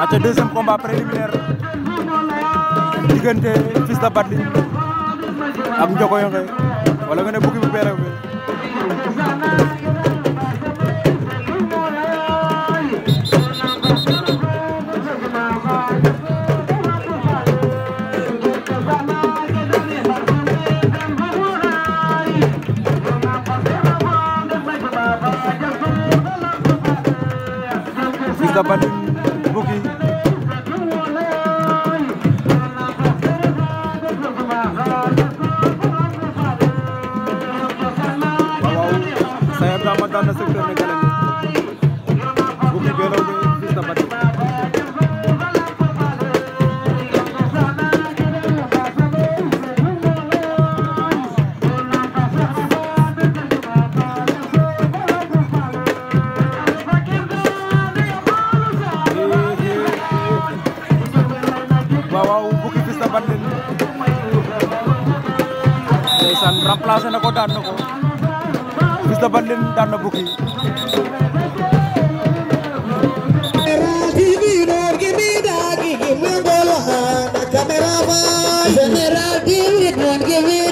aca deuxième combat préliminaire diggante Fils de Batly ak Ndiokoyokhe wala nga ne Bouki bu Berew bi Fils de Yahya Ibrahima daan na secteur ne gale bu ki gelaw bi Fils de Bathie Ndeysaan remplacé na ko daan na ko fils de Bandine daan na Bouki General TV, don't give me